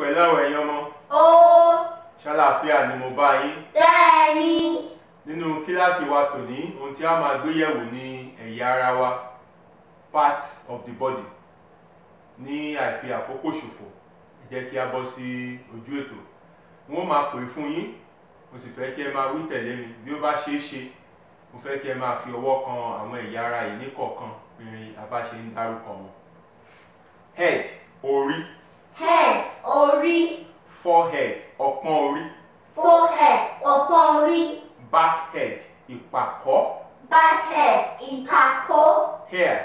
pẹ̀lú àwọn ẹ̀yin ọmọ. ó. ṣàlàáfíà ni mo bá yín. bẹ́ẹ̀ni. nínú kíláàsì wa tòní ohun tí a máa gbé yẹ̀wò ni ẹ̀yà ara wa part of the body ní àìfi àkókò ṣòfò ẹ jẹ́ kí a bọ́ sí ojú ètò wọ́n máa pè fún yín mo sì fẹ́ kí ẹ máa wí tẹ̀lé mi bí ó bá ṣeé ṣe mo fẹ́ kí ẹ máa fi ọwọ́ kan àwọn ẹ̀yà ara yìí ní kọ̀ọ̀kan bí a ń dárúkọ wọn head orí head ori forehead ọpọ́n orí. forehead ọpọ́n orí. backhead ìpàkọ́. backhead ìpàkọ́. hair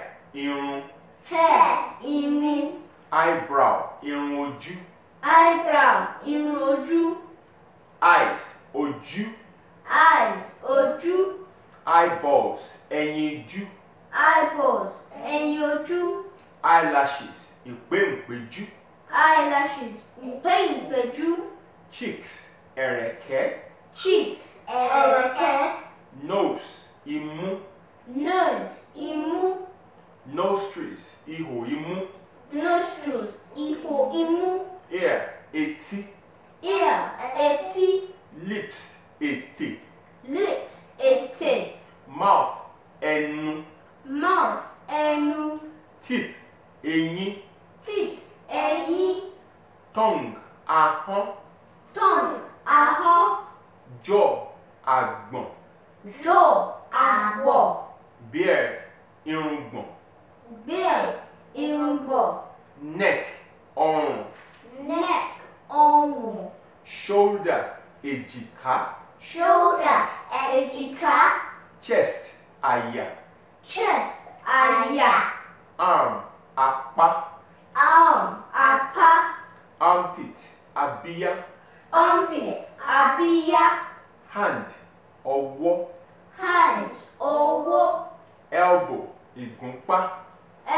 irun. hair irun. eyebrow irun ojú. eyebrow irun ojú. eyes ojú. eyes ojú. eyeballs ẹyin ojú. eyeballs ẹyin ojú. eyelashes ìpéǹpéjú. eyelashes paint beju cheeks ereke cheeks ereke nose imu nose imu nostrils ihò imú nostrils ihò imú ear etí ear etí lips ètè lips ètè mouth ẹnu mouth ẹnu tip eyín tip tongue ahọ́n tongue ahọ́n jaw àgbọ̀n jaw àgbọ̀n beard irùngbọ̀n beard irùngbọ̀n neck on, neck ọrùn shoulder èjìká shoulder èjìká chest àyà chest àyà arm apá. armpit abia. armpit abia. hand ọwọ́. hand ọwọ́. elbow ìgúnpá.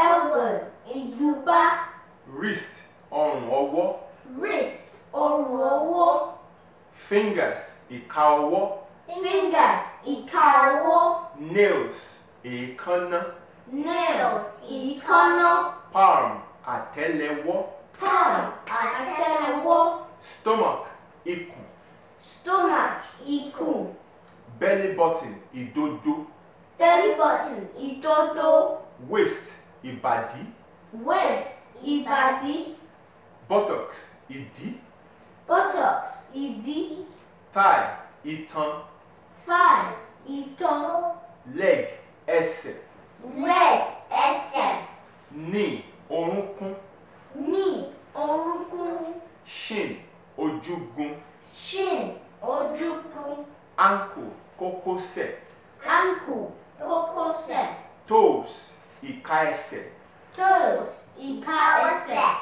elbow ìgúnpá. wrist ọrùn ọwọ́. wrist ọrùn ọwọ́. fingers ìka ọwọ́. fingers ìka ọwọ́. nails èékánná. nails èékánná. palm àtẹ́lẹwọ́ tongue, antenna wall, stomach, ikùn, stomach, ikùn, belly button, ìdodo, belly button, ìdodo, waist, ibadi. waist, ibadi. buttocks, idi. buttocks, idi. thigh, itan, thigh, itan, leg, ẹsẹ̀, leg, ẹsẹ̀, knee, orúnkún shin ojúgun. shin ojúgun. ankle kókósẹ̀. ankle kókósẹ̀. toes ìka ẹsẹ̀. toes ìka ẹsẹ̀.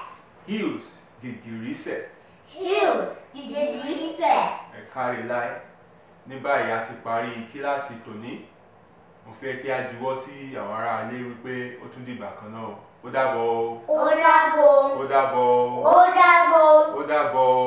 heels gìgìrísẹ̀. heels gìgìrísẹ̀. ẹ kárí láé ní báyìí a ti parí kíláàsì tòní mo fẹ́ kí a juwọ́ sí àwọn aráalé wípé ó tún dìgbà kan náà ó dàbọ̀ ó dàbọ̀ ó dàbọ̀ ó dàbọ̀. Káàbọ̀.